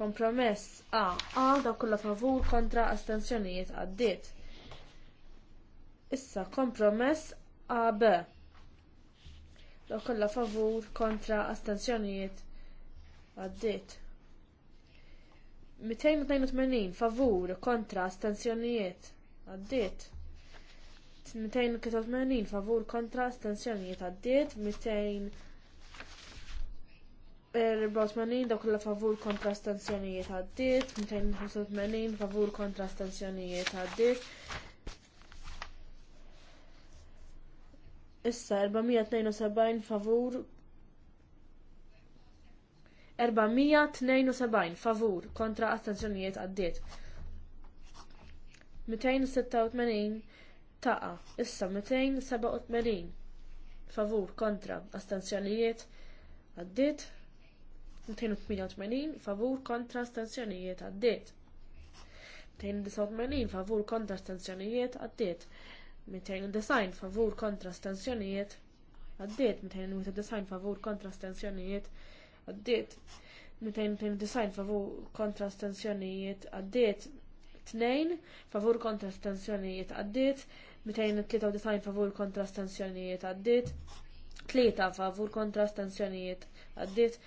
Kompromess A A daw kollha favur kontra astensjonijiet għaddiet. Issa kompromess A B daw kollha favur kontra astensjonijiet għaddiet. 282 favur kontra astensjonijiet għaddiet. 283 favur kontra astensjonijiet għaddiet, 284 dawk la favur kontra astensjonijiet għaddiet, 285 favur kontra astensjonijiet għaddiet. Issa 472 favur 472 favur kontra astensjonijiet għaddiet. 286 taqa, issa 287 favur kontra astanzjonijiet għaddit 288 favur kontra astanzjonijiet għaddit 289 favur kontra astenzjonijiet għaddit 290 favur kontra astenzjonijiet għaddit 291 favur kontra astenzjonijiet għaddit 292 favur kontra astenzjonijiet għaddit Tnejn favur kontra astensjonijiet għaddit, 293 favur kontra astensjonijiet għaddit, 3 favur kontra astensjonijiet għaddit.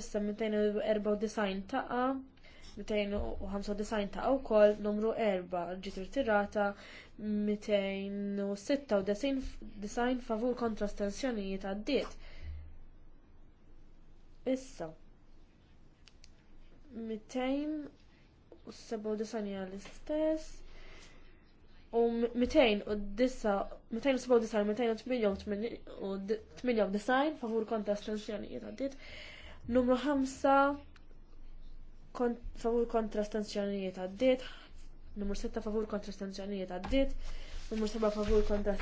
Issa 294 taqa, 295 taqa wkoll, numru 4 ġiet irtirata, 296 favur kontra astensjonijiet għaddit. Issa. 297 l-istess u u 298 favur kontra astensjonijiet għaddit numru 5 favur kontra astensjonijiet għaddit numru 6 favur kontra astensjonijiet għaddit numru 7 favur kontra astensjonijiet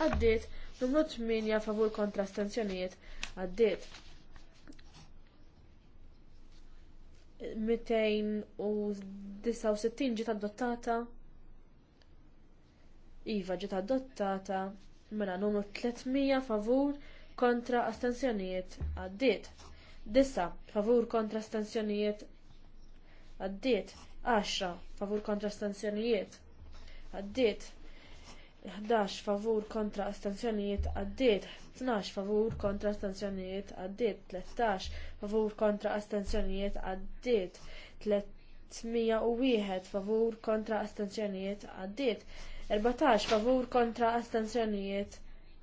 għaddit numru 8 favur kontra astensjonijiet għaddit 269 ġiet adottata. Iva ġiet adottata mela numru 300 favur kontra astensjonijiet għaddiet. Disa favur kontra astensjonijiet għaddiet. 10 favur kontra astensjonijiet għaddiet. 11 favur kontra astenzjonijiet għaddiet, 12 favur kontra astenzjonijiet għaddiet, 13 favur kontra astenzjonijiet għaddiet, 301 favur kontra astenzjonijiet għaddiet, 14 favur kontra astenzjonijiet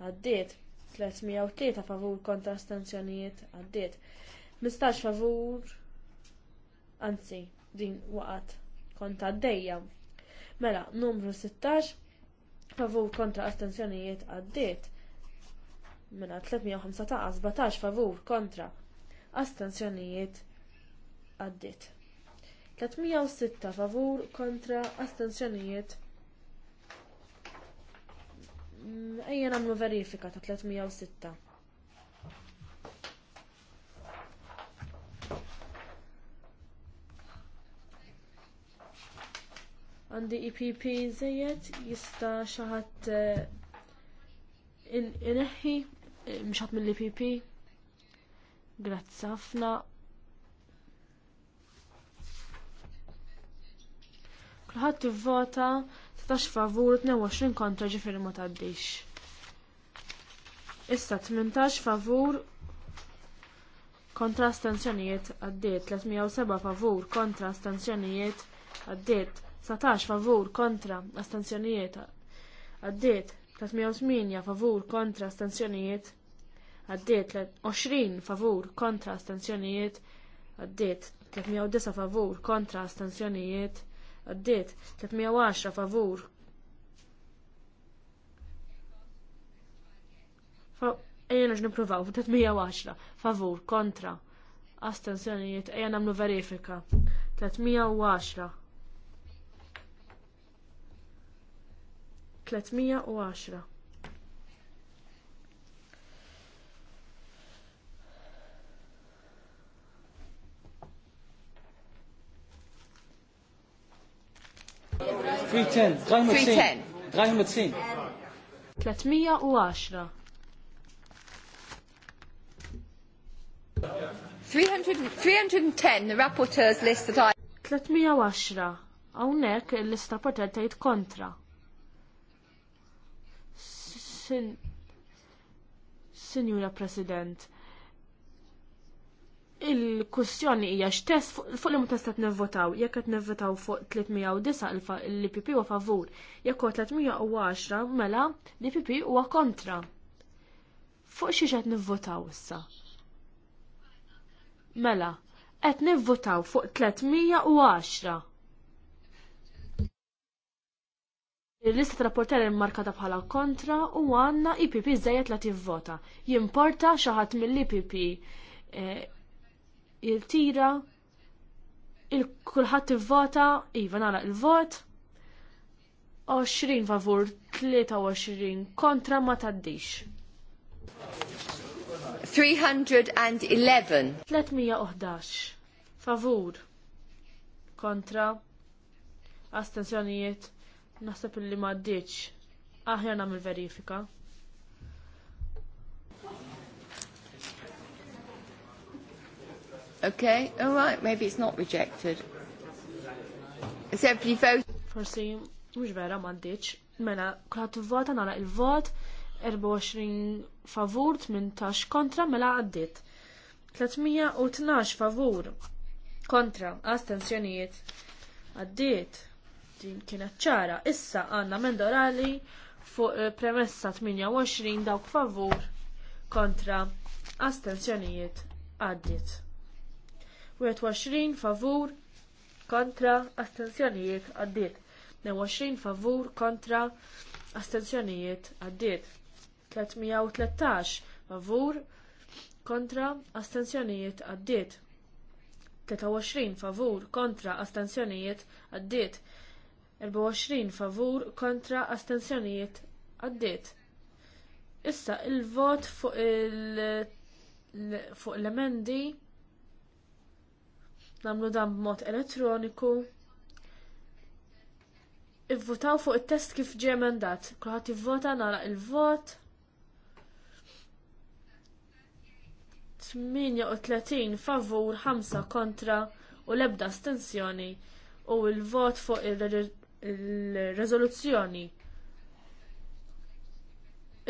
għaddiet, 303 favur kontra astenzjonijiet għaddiet, 15 favur anzi din waqat konta għaddejja. Mela, numru 16 favur kontra astensjonijiet għaddiet minna 305 ta' 17 favur kontra astensjonijiet għaddiet 306 favur kontra astensjonijiet ejja namlu verifika ta' 306 għandi EPP żejjed jista xaħat eh, inneħi eh, mxħat mill EPP grazzi ħafna Kulħadd ivvota 16 favur 22 kontra ġifieri ma tgħaddix. Issa 18 favur kontra stanzjonijiet għaddiet, 307 favur kontra stanzjonijiet għaddiet, Satax favur kontra astanzjonijiet għaddiet 308 favur kontra astanzjonijiet għaddiet 20 favur kontra astanzjonijiet għaddiet 309 favur kontra astanzjonijiet għaddiet 310 favur Ejjena ġnipruvaw, 310, favur, kontra, astensjonijiet, ejja namlu verifika, 310. 310. 310. 310. the rapporteur's list that I... 310, għawnek il lista portet tajt kontra. Sin Sinjura President, il-kussjoni hija x'tess fuq li mutas qed nivvotaw, jekk qed nivvotaw fuq 309 l-IPP huwa favur, jekk huwa 310 mela l-IPP huwa kontra. Fuq xi qed nivvotaw issa. Mela, qed nivvotaw fuq 310. Il-lista tal-rapporter markata bħala kontra u għanna IPP zzajet la tivvota. Jimporta xaħat mill-IPP eh, il-tira il-kulħat tivvota, iva nara il-vot, 20 favur, 23 kontra ma taddix. 311 311 favur kontra astensjonijiet Naħseb illi m'għaddiċ. Aħna nagħmel verifika. Okay, all right, maybe it's not rejected. Except every vote. Forsi, mhux vera m'għaddiċ. Mela, kulħadd vota nara il-vot, 24 favur, 18 kontra, mela għaddiet. 312 favur, kontra, astensjonijiet, għaddit din kienet ċara. Issa għandna mendorali fuq eh, premessa 28 dawk favur kontra astenzjonijiet għaddit. 21 favur kontra astenzjonijiet għaddit. 29 favur kontra astenzjonijiet għaddit. 313 favur kontra astenzjonijiet għaddit. 23 favur kontra astenzjonijiet għaddit. 24 favur kontra astensjonijiet għaddiet. Issa il-vot fuq l-emendi nagħmlu dan b'mod elettroniku. Ivvotaw fuq it test kif ġie emendat. Kulħadd ivvota nara il-vot. 38 favur 5 kontra u l-ebda astensjoni u l-vot fuq ir il-rezoluzzjoni.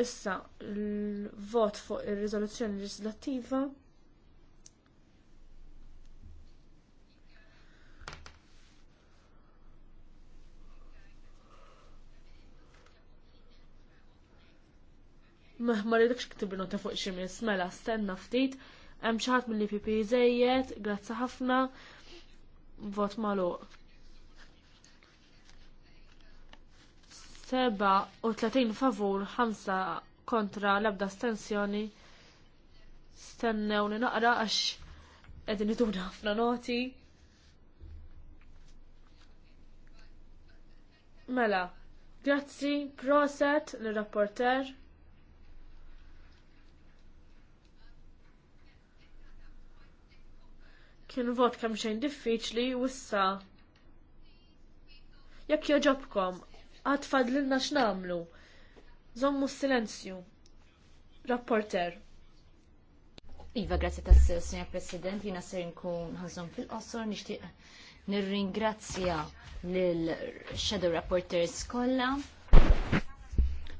Issa, il-vot fuq il-rezoluzzjoni legislativa. Ma li dakx ktib nota fuq ximis, mela, stenna ftit, hemm xi ħadd mill-IPP żejjed, grazzi ħafna, vot magħluq. 37 favur 5 kontra l-ebda stensjoni stennew li naqra għax edin iduna ħafna noti. Mela, grazzi, proset l-rapporter. Kien vot kemm xejn diffiċli u issa jekk joġobkom għad fadlilna x'namlu. Zommu silenzju. Rapporter. Iva, ta' tassew, signor President, jina ser nkun ħazom fil-qosor, nishtiq nirringrazzja l-Shadow Rapporters kolla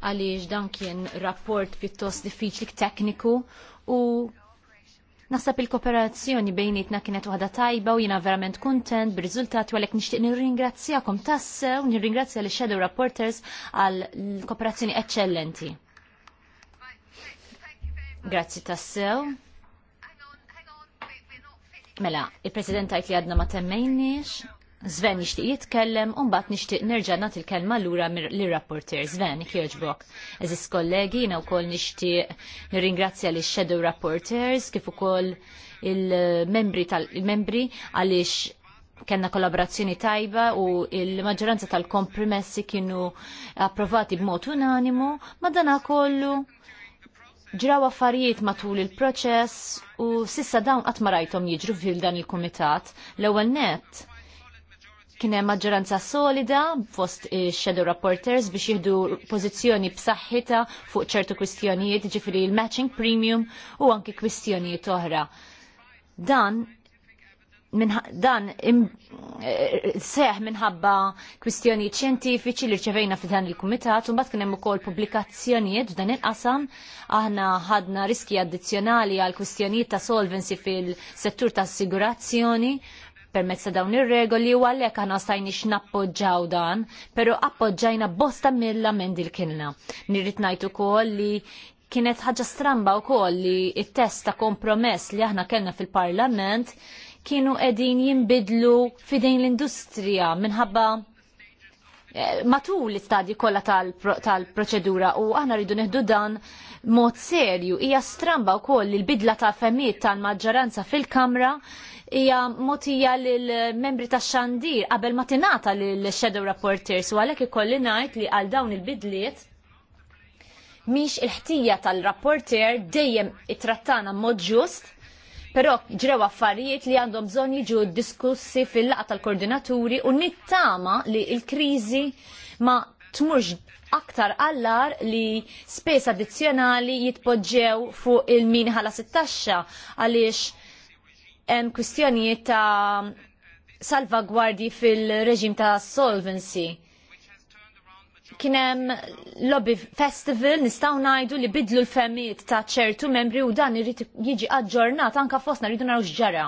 għaliex dan kien rapport pjuttost diffiċli tekniku u Naħseb il-kooperazzjoni bejnietna kienet waħda tajba u jiena verament kuntent bir-riżultati u għalhekk nixtieq nirringrazzjakom tassew, nirringrazzja li shadow rapporters għal kooperazzjoni eċċellenti. Grazzi tassew. Mela, il-President għajt li għadna ma temmejniex, Zven jixtieq jitkellem u mbagħad nixtieq nerġa' nagħti l-kelma lura lir-rapporter. Zven, kjoġbok. Eżis kollegi, jiena wkoll nixtieq nirringrazzja li shadow rapporters kif ukoll il-membri tal-membri għaliex kellna kollaborazzjoni tajba u il-maġġoranza tal-kompromessi kienu approvati b'mod unanimu, ma dana kollu ġraw affarijiet matul il-proċess u sissa dawn qatt ma rajthom jiġru fil dan il-kumitat. L-ewwel nett Kien hemm maġġoranza solida fost shadow rapporters biex jieħdu pożizzjoni b'saħħitha fuq ċertu kwistjonijiet, ġifieri il-matching premium u anki kwistjonijiet oħra. Dan min, dan im, seħ minħabba kwistjonijiet xjentifiċi li rċevejna fi dan il-kumitat u mbagħad kien hemm ukoll pubblikazzjonijiet f'dan il-qasam aħna ħadna riski addizzjonali għal kwistjonijiet ta' solvency fil-settur ta' assigurazzjoni permezz ta' dawn ir-regoli u għalhekk aħna stajniex nappoġġaw dan, però appoġġajna bosta Milla minn dil-kinna. Nirrid ngħid ukoll li kienet ħaġa stramba wkoll li it-test ta' kompromess li aħna kellna fil-Parlament kienu edin jimbidlu fidejn l-industrija minħabba eh, matul l-istadji kollha tal-proċedura u aħna rridu neħdu dan mod serju. Hija stramba wkoll il-bidla ta' femijiet tal-maġġoranza fil-Kamra hija motija lill-membri tax xandir qabel ma tingħata lill-shadow rapporters u għalhekk ikolli ngħid li għal dawn il-bidliet miex il-ħtija tal-rapporter dejjem ittrattana mod ġust Pero ġrew affarijiet li għandhom bżonn jiġu diskussi fil laqta tal-koordinaturi u nittama li l-kriżi ma tmurx aktar għallar li spes addizzjonali jitpoġġew fuq il-min ħala 16 għaliex hemm kwistjonijiet ta' salvagwardji fil-reġim ta' solvency. Kien hemm lobby festival nistgħu ngħidu li bidlu l-femijiet ta' ċertu membri u dan irid jiġi aġġornat anke fostna rridu naraw x'ġara.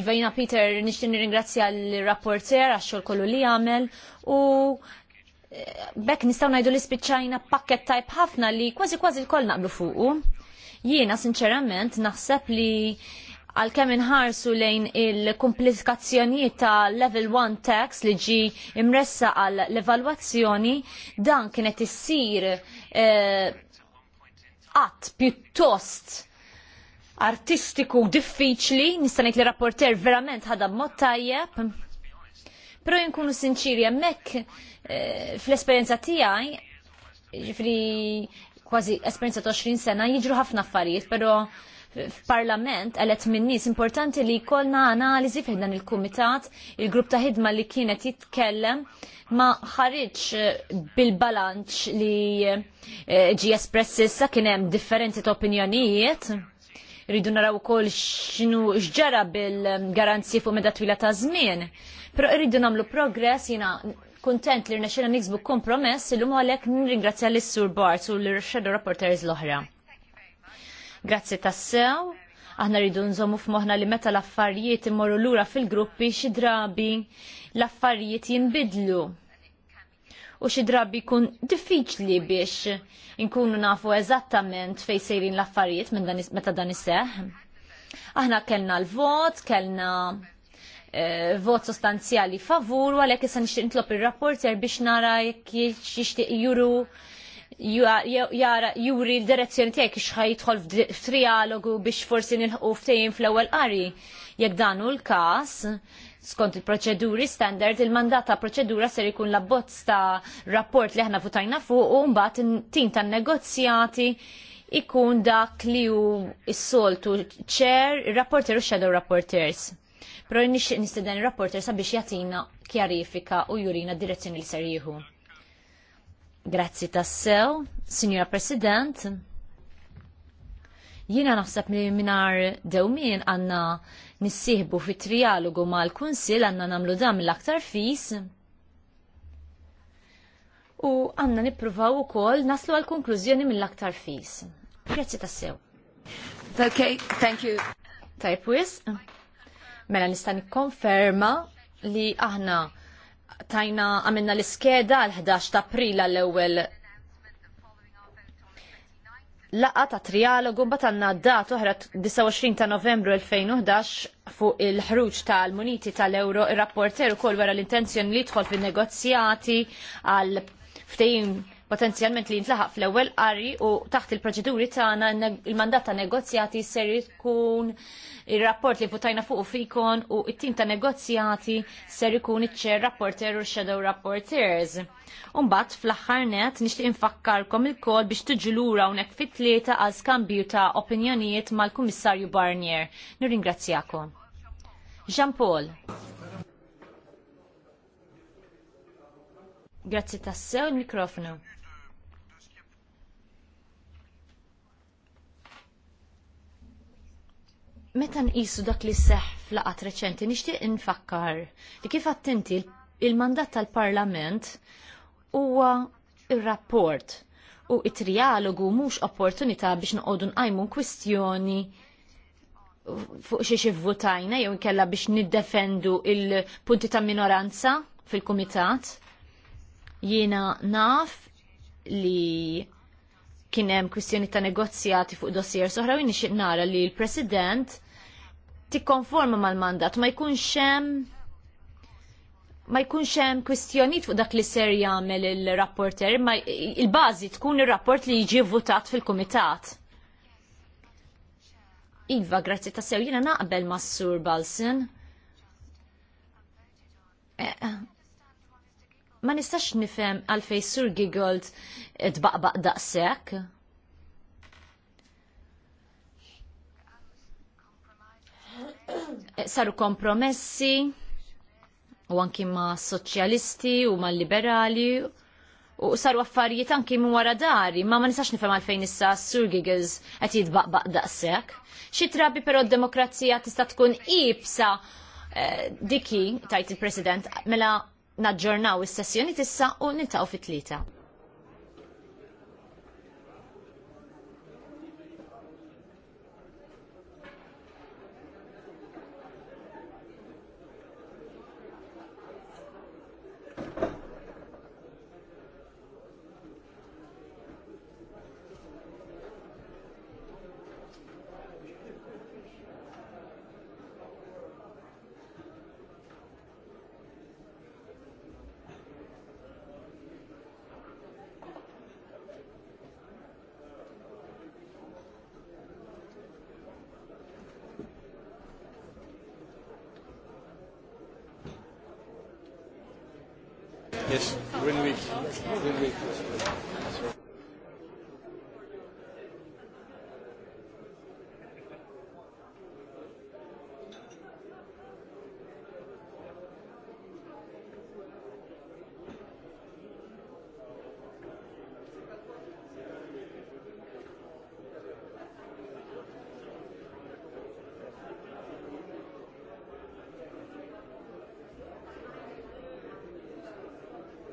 Iva jina Peter nixtin nirringrazzja l-rapporter għax-xogħol kollu li għamel u eh, bekk nistgħu ngħidu li spiċċajna pakket tajb ħafna li kważi kważi l-koll naqblu fuqu Jiena sinċerament naħseb li għalkemm inħarsu lejn il-komplikazzjonijiet ta' level 1 tax li ġi imressa għal l-evalwazzjoni dan kienet issir eh, għat eh, pjuttost artistiku diffiċli, nista' ngħid li rapporter verament ħadha mod tajjeb. Però jinkunu sinċiri hemmhekk eh, fl-esperjenza tiegħi ġifri kważi esperienza ta' 20 sena jiġru ħafna affarijiet, pero f'Parlament għalet minnis importanti li kolna analizi fih dan il-Kumitat, il-grupp ta' ħidma li kienet jitkellem ma ħarriċ eh, bil-balanċ li eh, ġi espressissa kien hemm differenti ta' opinjonijiet rridu naraw ukoll x'inhu x'ġara bil-garanzji eh, fuq meta twila ta' żmien. Però rridu nagħmlu progress jina kuntent li rnexxina niksbu kompromess illum għalhekk nirringrazzja lis sur Bart u l-Shadow Reporters l-oħra. Grazzi tassew, aħna rridu nżommu f'moħħna li meta l-affarijiet immorru lura fil-gruppi xi drabi l-affarijiet jinbidlu. U xi drabi jkun diffiċli biex inkunu nafu eżattament fejn sejrin l-affarijiet meta dan iseħħ. Aħna kellna l-vot, kellna Eh, vot sostanzjali favur, u għalhekk issa nixtieq il ir-rapporter biex nara jekk jixtieq juru jara juri l-direzzjoni tiegħek x'ħajtħol f f'trialogu biex forsi nilħqu tejn fl-ewwel qari. Jekk dan hu l-każ, skont il-proċeduri standard, il mandata ta' proċedura ser ikun la abbozz ta' rapport li aħna futajna fuq u mbagħad tin tan negozjati ikun dak li hu s-soltu ċer, rapporter u shadow rapporters pero nixtieq nistiden ir-rapporter sabiex jagħtina kjarifika u jurina direzzjoni li ser jieħu. Grazzi tassew, Signora President. Jiena naħseb li minar dewmien għanna nissieħbu fit trialogu mal-Kunsil għanna namlu dam l-aktar fis. U għanna nippruvaw ukoll naslu għal konklużjoni mill-aktar fis. Grazzi tassew. Okay, thank you. Tajpwis. Mela nista' nikkonferma li aħna tajna għamilna l-iskeda l-11 ta' april l ewwel laqa ta' trialogu bat għanna dat oħra 29 ta' Novembru 2011 fuq il-ħruġ tal-Muniti tal-Euro ir-rapporter kol wara l-intenzjoni li jidħol fin-negozjati għal ftehim potenzjalment li jintlaħaq fl-ewwel qari u taħt il-proċeduri tagħna il-mandat ta' negozjati ser ikun ir-rapport li votajna fuq fikon u it-tim ta' negozjati ser ikun iċ-chair rapporter u shadow rapporters. Umbat fl-aħħar net nixtieq infakkarkom il-kod biex tiġu lura hawnhekk fit-tlieta għal skambju ta' opinjonijiet mal-Kummissarju Barnier. Nirringrazzjakom. Jean-Paul. Grazzi tassew il-mikrofonu. meta nqisu dak li seħ flaqat reċenti, nixtieq infakkar li kif attenti il-mandat tal-Parlament huwa ir-rapport u it-trialogu mhux opportunità biex noqogħdu nqajmu kwistjoni fuq xi vvutajna jew inkella biex niddefendu il-punti ta' minoranza fil-kumitat. Jiena naf li kien hemm kwistjoni ta' negozjati fuq dossier soħra u nixtieq nara li l-President tikkonforma mal-mandat, ma jkunx xem ma jkun hemm kwistjonijiet fuq dak li ser jagħmel il-rapporter, ma il-bażi tkun ir-rapport li jiġi votat fil-kumitat. Iva, grazzi ta' sew jiena naqbel mas Sur Balsin. Eh, eh, ma nistax nifhem għalfejn Sur Gigold tbaqbaq daqshekk. Eh, saru kompromessi u anki ma' soċjalisti u ma' liberali u saru affarijiet anki minn wara dari, ma ma nistax nifhem għalfejn issa Sur Giggles qed jitbaqbaq daqshekk. Xi trabi però d-demokrazija tista' tkun ibsa eh, diki tajt il-President mela naġġornaw is-sessjoni tissa u nintaqgħu fit-tlieta.